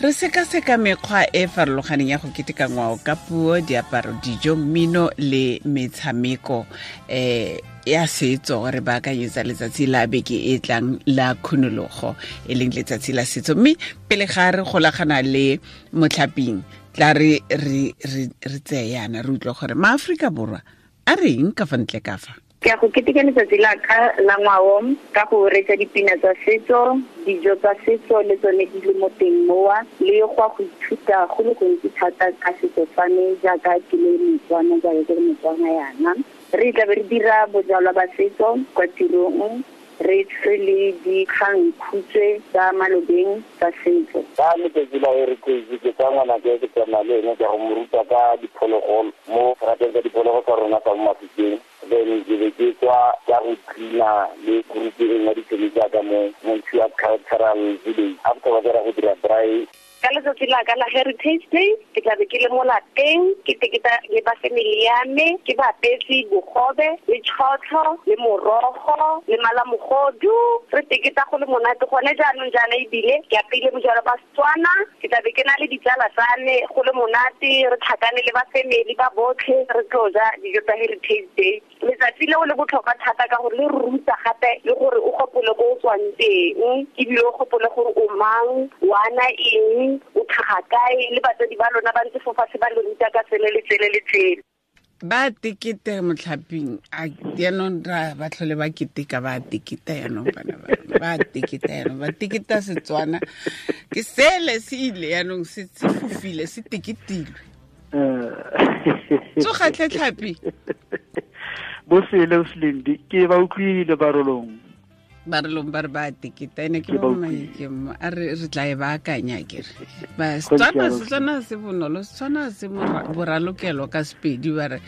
re sekaseka mekgwa e farologaneng ya go keteka ngwao ka puo diaparo dijo mmino le metshameko um ya setso re baakanyetsa letsatsi la beke e tlang la khunologo e leng letsatsi la setso mme pele ga re golagana le motlhaping tla re tseye yana re utlwa gore maaforika borwa a reng ka fa ntle ka fa ke go keteka letsatsi la ka la ngwao ka go reetsa dipina tsa setso dijo tsa setso le tsone di le mo teng mowa le go go ithuta go le gontsi thata ka setso sa me jaaka ke le motswana jaaka ke le motswana yana re tla be re dira bojalwa ba setso kwa tirong re tshwe le dikgangkhutswe tsa malobeng tsa setso ka letsatsi la heritage ke ka ngwana ke ke tsena le ene ka go moruta ka diphologolo mo rateng tsa diphologolo tsa rona tsa mo mafikeng then ke be ke tswa ka go cleana le group e ya ditsedi tsaka mo montshiwa cultural village after ba kera go dira dry ka letsatsi la ka la heritage day ke tlabe ke le molateng ke te ke ba family ya me ke bapetse bogobe le tšhotlho le morogo le malamogodu re teketa go le monate gone jaanong jaana ebile ke apeile bojalwa ba setswana ke tlabe ke na le ditsala tsa me go le monate re tlhakane le ba family ba botlhe re tlo ja dijo tsa heritage day letsatsi leo le botlhokwa thata ka gore le ruta gape le gore o gopole ko o tswang teng ebile o gopole gore o mang wana eng eng o tlhaga kae le batsadi ba lona ba ntse fo fatshe ba le ruta ka tsele le tsele le tsele ba tekete motlhaping yaanong ra batlhole ba keteka ba teketa yanong bana ba teketa yaanong ba teketa setswana ke sele se ile yaanong se fofile se teketilwe tsogatlhe tlhapi bo sele o seleng ke ba utlwile barolong ba re leng ba re ba tikita ene ke bomaikemo a re re tla e baakanya kere setswana se tswana se bonolo se se boralokelo ka sepedi ba re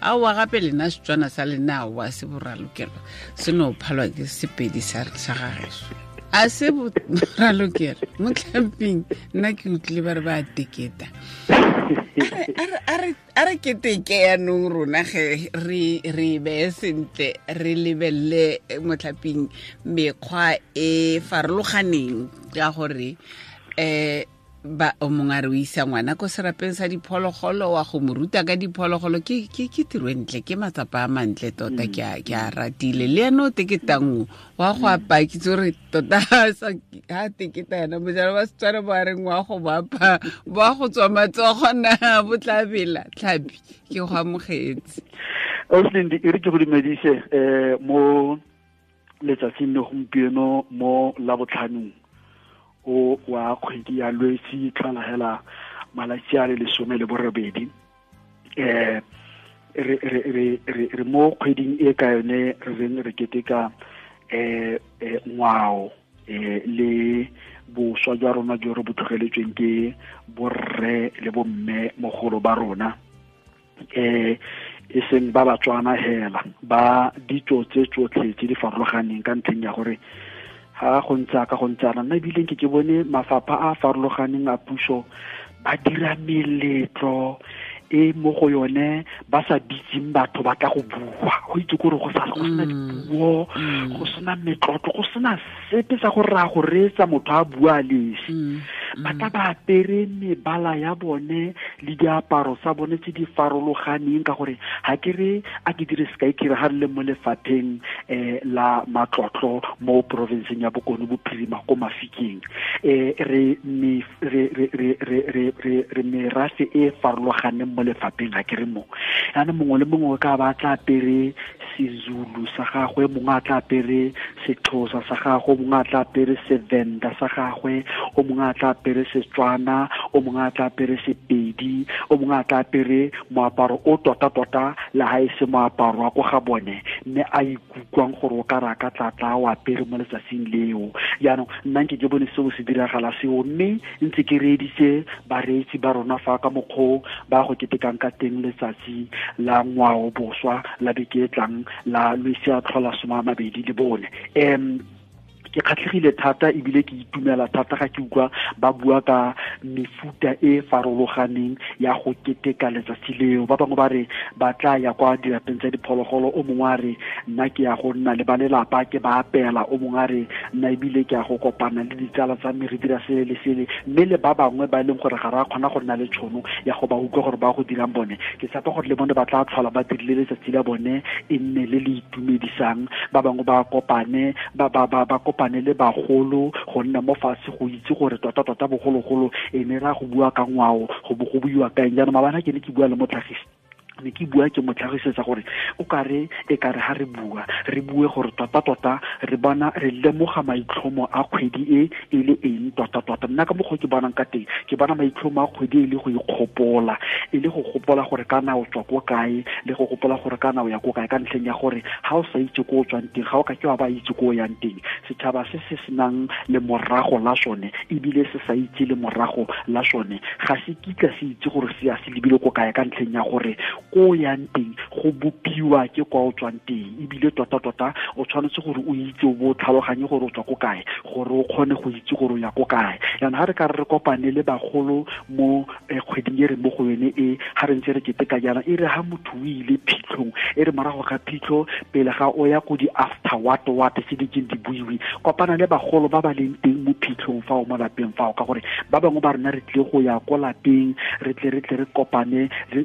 aowa gape lena setswana sa lena aowa se boralokelo seno no phalwa ke sepedi sa gageso a se boralokelo mo tlhamping nna ke utlwile ba re ba tiketa a re keteke yanong rona ge re beye sentle re lebelele motlhaping mekgwa e farologaneng ka gore um ba o mongwe a re o isa ngwana ko serapeng sa diphologolo wa go mo ruta ka diphologolo ke tiro e ntle ke matsapa a mantle tota ke a mm. ratile le ene o teketa mm. nngwe wa go mm. apa kitse gore tota ga teketa yana bojalo ba setswana bo a reng wa go boapa boa go tswa matsogona na bo tlabela tlhapi ke go amogetse oslindi e re ke go um mo letsatsing le gompieno mo labotlhanong o wa kgwedi ya lwetsi e tlhola hela malatsi a le lesome le borobedi um re mo kgweding e ka yone re reng re keteka um ngwao um le boswa jwa rona jo re bo tlhogeletsweng ke borre le bomme mogolo ba rona um e seng ba ba tswana fela ba ditso tse tsotlhe tse di farologaneng ka ntlheng ya gore ga go ntse ka go ntsana nna ebile ke ke bone mafapha a a farologaneng a puso ba dira meletlo e mo go yone ba sa bitseng batho ba ka go bua go itse gore go sa go sena mm. dipuo go mm. sena metlotlo go sena sepe sa gore ra go reetsa motho a bua a lesi mm ba mm. tla ba apere mebala ya bone le diaparo sa bone tse di farologaneng ka gore ha ke re a ke dire sekai ke re ha le mo lefapheng um la matlotlo mo provinceng ya bokone bophirima ko mafikeng um re merafe e farologaneng mo lefapheng ga ke re mo yaanong mongwe le mongwe ka ba tla apere sezulu sa gagwe mongwe a tla apere sexhosa sa gagwe o mongwe a tla apere sevenda sa gagwe o mongwe a tla apere setswana o mongwe a tla apere sepedi o mongwe a tla apere moaparo o tota-tota le ga e se moaparo wa ko ga bone mme a ikukwang gore o ka raka tlatla o apere mo letsatsing leo jaanong nna nke ke bone seo se diragala seo mme ntse ke reeditse bareetsi ba rona fa ka mokgwao ba go ketekang ka teng letsatsi la ngwao boswa la beke e tlang la luisia ma belle le bone um ke kgatlhegile thata ebile ke itumela thata ga ke utlwa ba bua ka mefuta e farologaneng ya go keteka letsatsi leo ba bangwe ba re ba tla ya kwa dirapeng tsa diphologolo o mongwe a re nna ke ya go nna le ba lelapa ke ba apeela o mongwe a re nna ebile ke ya go kopana le ditsala tsa me re dira sele le sele mme le ba bangwe ba e leng gore ga re a kgona go nna le tšhono ya go ba utlwa gore ba go dirang bone ke tsapa gore le bone ba tla tlhola ba dirile letsatsi la bone e nne le le itumedisang ba bangwe ba kopane ba ba ba ba kopane le bagolo go nna mo fatshe go itse gore tota-tota bogologolo e ne ra go bua ka ngwao go bo go buiwa kaeng jaanong mabana ke ne ke bua le motlhagisi ne ke bua ke mo tlhagisetsa gore o kare e kare ha re bua re bue gore tota-tota re bona re lemoga maitlhomo a kgwedi e e le eng tota-tota nna ka mokgwa ke bonang ka teng ke bona maitlhomo a kgwedi e le go ikgopola e le go gopola gore ka o tswa ko kae le go gopola gore ka o ya ko kae ka ntlheng ya gore ga o sa itse ko o tswang teng ga o ka ke wa ba itse ko o yang teng setšhaba se se senang le morago la sone ebile se sa itse le morago la sone ga se kitla se itse gore se a se lebile ko kae ka ntlheng ya gore ko yang teng go bopiwa ke kwa o tswang teng ebile tota-tota o tshwanetse gore o itse o bo tlhaloganye gore o tswa ko kae gore o kgone go itse gore o ya ko kae jaanong ga re ka re re kopane le bagolo mo eh, kgweding e re mo go yone e ga re ntse re keteka jaana e re ga motho o ile phitlhong e re morago ga phitlho pele ga o ya ko di-after wat wat tse dikeng di buiwe kopana le bagolo ba ba leng teng mo phitlhong fa o mo lapeng fao ka gore ba bangwe ba rona re tlile go ya ko lapeng re tle re tle re kopane re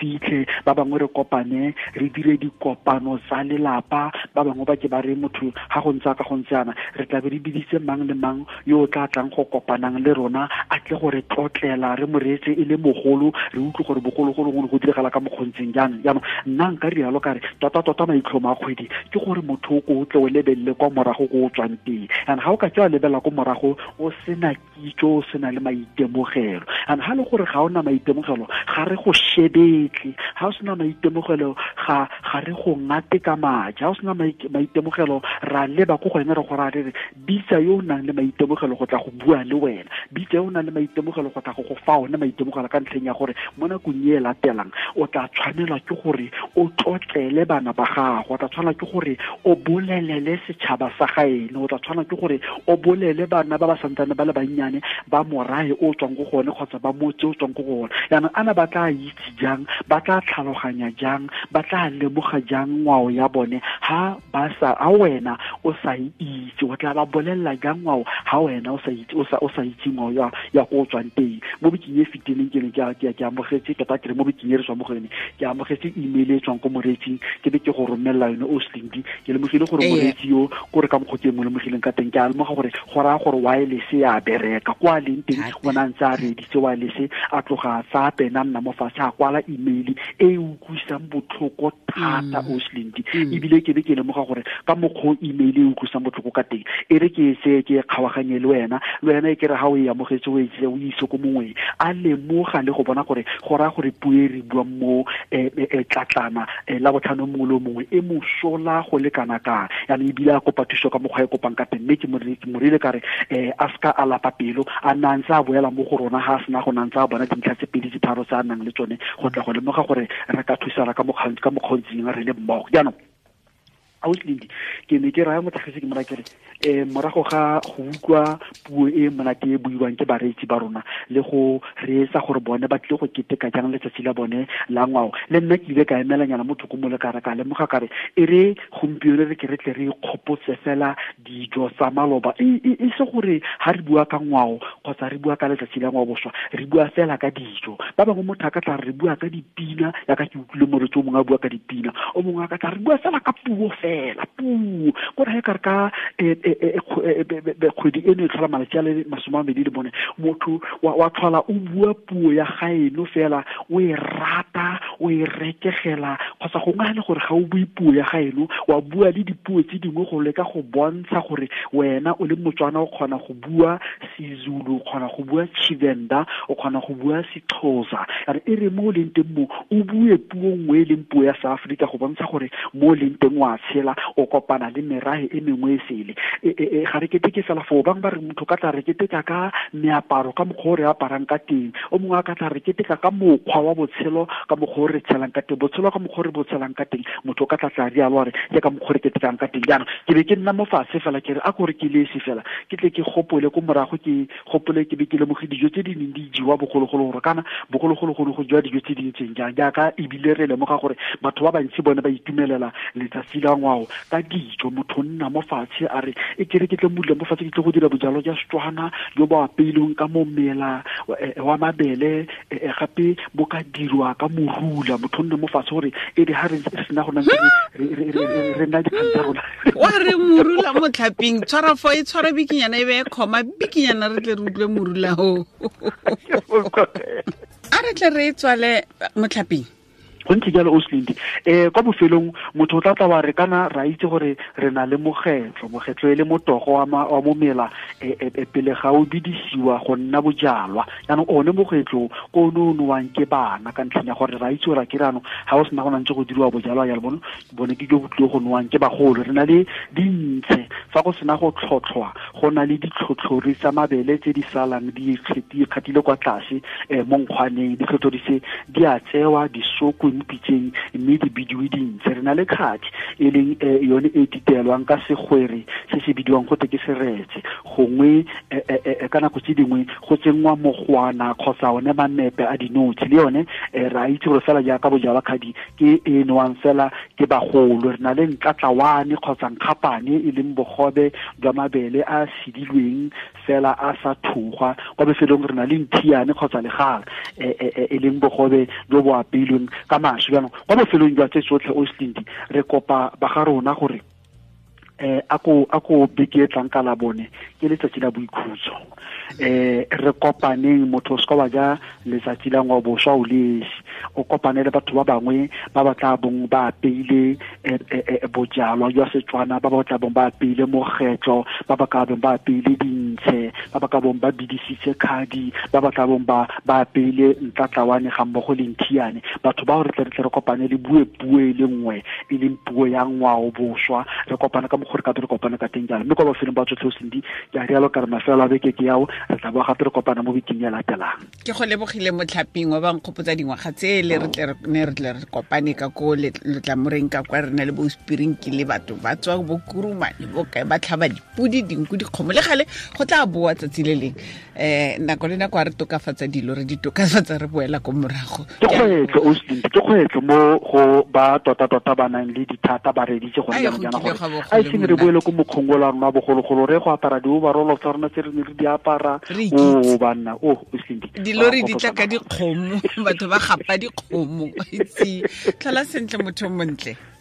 fitlhe botlhe ba bangwe re kopane re dire dikopano tsa lelapa ba bangwe ba ke ba re motho ga go ntse ka go ntse yana re tlabe re biditse mang le mang yo o tla tlang go kopanang le rona a tle gore tlotlela re moreetse e le mogolo re utlwe gore bogologolo go ne go diragala ka mokgontseng jaanong jaanong nna nka rialo ka re tota-tota maitlhomo a kgwedi ke gore motho o ko o tle o lebelele kwa morago ko o tswang teng and ga o ka ke wa lebela ko morago o sena kitso o sena le maitemogelo and ga e le gore ga o na maitemogelo ga re go shebetle eng ga o sena maitemogelo ga ga re go ngate ka maja ga o sena maitemogelo ra leba ko go ene re gore a re bitsa yo o nang le maitemogelo go tla go bua le wena bitsa yo o nang le maitemogelo go tla go go fa one maitemogelo ka ntlheng ya gore mo nakong e e latelang o tla tshwanelwa ke gore o tlotlele bana ba gago o tla tshwanelwa ke gore o bolelele setšhaba sa gaeno o tla tshwanelwa ke gore o bolele bana ba ba santsane ba le bannyane ba morae o tswang ko gone kgotsa ba motse o tswang go gone yaanong ana ba tla itse jang ba tla tlhaloganya jang ba tla leboga jang ngwao ya bone ha ba sa a wena o sa e itse o tla ba bolella jang ngwao ha wena o sa itse o sa o sa itse ngwao ya ya go tswang teng mo bikeng e fetileng ke ne ke ke ke amogetse tota ke re mo bikeng e re tswang mo go yone ke amogetse email e tswang ko moreetsing ke be ke go romella yone o slingdi ke lemogile gore ee. moreetsi yo kore ka mokgwa ke e mo lemogileng ka teng ke a lemoga gore go raya gore wa e lese ya bereka kwa leng teng o na ntse a reditse wa lese a tloga sa pena nna mo fatshe a kwala email oslindi e e utlwisang botlhoko thata oslindi mm. mm. ebile ke be ke lemoga gore ka mokgwa o email e utlwisang botlhoko ka teng e re ke se ke kgabaganye le wena le wena e kere ga o e amogetse o etse o ise ko mongweng a lemoga le go bona gore go raya gore pue re buang mo e, e, e tlatlana la botlhano mongwe le mongwe e mosola go lekana kana kang yaanong ebile a kopa thuso ka mokgwa e kopang ka teng mme ke morile ka re um a seka a lapa pelo a nna ntse a boela mo go rona ga a sena go na ntse a bona dintlha tse pedi ditharo tse a nang le tsone go tla go lemoga gore re ka thusana ka bokgontsing re le mmogo jaanong outland ke ne ke raya motlhagisi ke mora kere um eh, morago ga go utlwa puo e monate e buiwang ke bareetsi ba rona le go reetsa gore bone ba tlile go keteka jang letsatsi la bone la ngwao le nna ke ile ka emelanyana motho ko mole kare ka lemoga kare e re gompieno re ke re tle re kgopotse fela dijo tsa maloba e, e, e se gore ga re bua ka ngwao kgotsa re bua ka letsatsi la ngwao boswa re bua fela ka dijo ba bangwe motho a ka tla re bua ka dipina yaka ke utlwile moretso o mongwe a bua ka dipina o mongwe a ka tla re bua fela ka puo fela fela puu ko raya kare ka kgwedi eno e tlhola malatsi a le masome a medi le bone motho wa tlhola o bua puo ya gaeno fela o e rata o e rekegela kgotsa gongwe ga le gore ga o bue puo ya gaeno wa bua le dipuo tse dingwe go leka go bontsha gore wena o le motswana o kgona go bua sezulu o kgona go bua chivenda o kgona go bua sexhosa yana e re mo o leng teng mo o bue puo nngwe e leng puo ya seaforika go bontsha gore mo o leng teng o a tshela o kopana le merae e mengwe e sele e, e, e, ga re keteke fela foo bangwe ba re motho ka tla re keteka ka meaparo ka mokgwa o re aparang ka teng o mongwe a ka tla re keteka ka mokgwa wa botshelo ka mokgwa o re tshelang ka teng botshelo ka mokgwa re bo tshelang ka teng motho o ka tlatsa rialo gore ka mokgwa re ketekang ka teng jaanong ke be ke nna mo fatshe fela kere a kore ke lese fela ke tle ke gopole ko morago ke gopole ke be ke lemoge dijo tse di neng di jiwa bogologolo gore kana bogologolo go go jewa dijo tse dintseng jang jaaka ebile re lemoga gore batho ba bantsi bone ba itumelela letsatsi la ngwao ka dijo motho nna mo fatshe a re e kere ke tle modula mo fatshe ke tle go dira bojalo jwa setswana jo bo apeilweng ka momela wa eh, mabele eh, eh, gape bo ka dirwa ka morui bula motho nne mo fatshe gore e di ha re sena go re nna dikgang tsa rona wa re morula motlhaping tshwara fo e tshwara bikinyana e be e kgoma bikinyana re tle re utlwe morula o a re tle re e tswale motlhaping go ntse jalo o um kwa bofelong motho o tlatla wa re kana ra itse gore re na le mogetlo mogetlo e le motogo wa momela mela eh, eh, pele ga o bidisiwa go nna bojalwa yaanong one mogetlo ko one o nowang ke bana ka ntlheng ya gore ra itse ora kerano ga o sena go nantse go diriwa bojalwa jalo bone bone ke jo botlile go nowang ke bagolo re na le dintshe fa go sena go tlhotlhwa go na le ditlhotlhori tsa mabele tse di salang di ikgatile kwa tlase um mo nkgwaneng ditlhotlhori se di a tsewa disoko mo pitseng mme di bidiwe dintse re na le kgatlhi e leng eh, yone e ditelwang ka segwere se se bidiwang gote ke seretse gongwe e, e, e, ka nako tse dingwe go tsenngwa mogwana kgotsa one mamepe a dinotshe le yone eh, re a itse gore fela jaaka bojalwa kgadi ke e newang fela ke bagolo re na le ntlatlawane kgotsa nkgapane e leng bogobe jwa mabele a a sedilweng fela a sa thugwa kwa bofelong re na le nthiane kgotsa legala e, e, e, e leng bogobe jo bo apeilweng ka mašwi jaanong kwa bofelong jwa tse tsotlhe oslindi re kopa ba ga rona gore a ko eh, a beke tlang ka la bone ke letsatsi la boikhutso um re kopaneng motho o ka ba ja letsatsi la ngwa o le o kopane le batho ba bangwe ba ba tla bong ba apeile eh, bojalwa jwa setswana ba batla tla bong ba apeile mogetlo ba ba bong ba apeile dintshe ba ba ka bong ba bidisitse khadi ba ba tla bong ba ba apeile ntlatlawane ga mmogo le nthiane batho bao re tle re tle re kopane le bue puo e le nngwe e leng puo ya ngwaoboswa re kopane ka gore ka re kopana ka teng jalo mme kwa bafeleng ba tsotlhe o sendi ke a rialo ka re mafelo a beke ke yao re tla boa gape re kopana mo bekeng ya latelang ke go lebogile motlhaping wa bankgopotsa dingwaga tse re tle ne re tle re kopane ka ko letlamoreng ka kwa re na le bospirinki le batho ba tswa bo kurumane bokae ba tlhaba dipudi dinku dikgomo le gale go tla boa tsatsi le leng um nako le nako a re tokafatsa dilo re di tokafatsa re boela ko morago ke kgwetlho osdint ke kgwetlho mo go ba tota-tota ba nang le dithata ba reditse gone seng re boele ko mokgongolano wa bogologolo re go apara di-overolo tsa rona tse re ne re di apara o banna o dilori di tla ka dikgomo batho ba gapa dikgomo itse tlhola sentle motho montle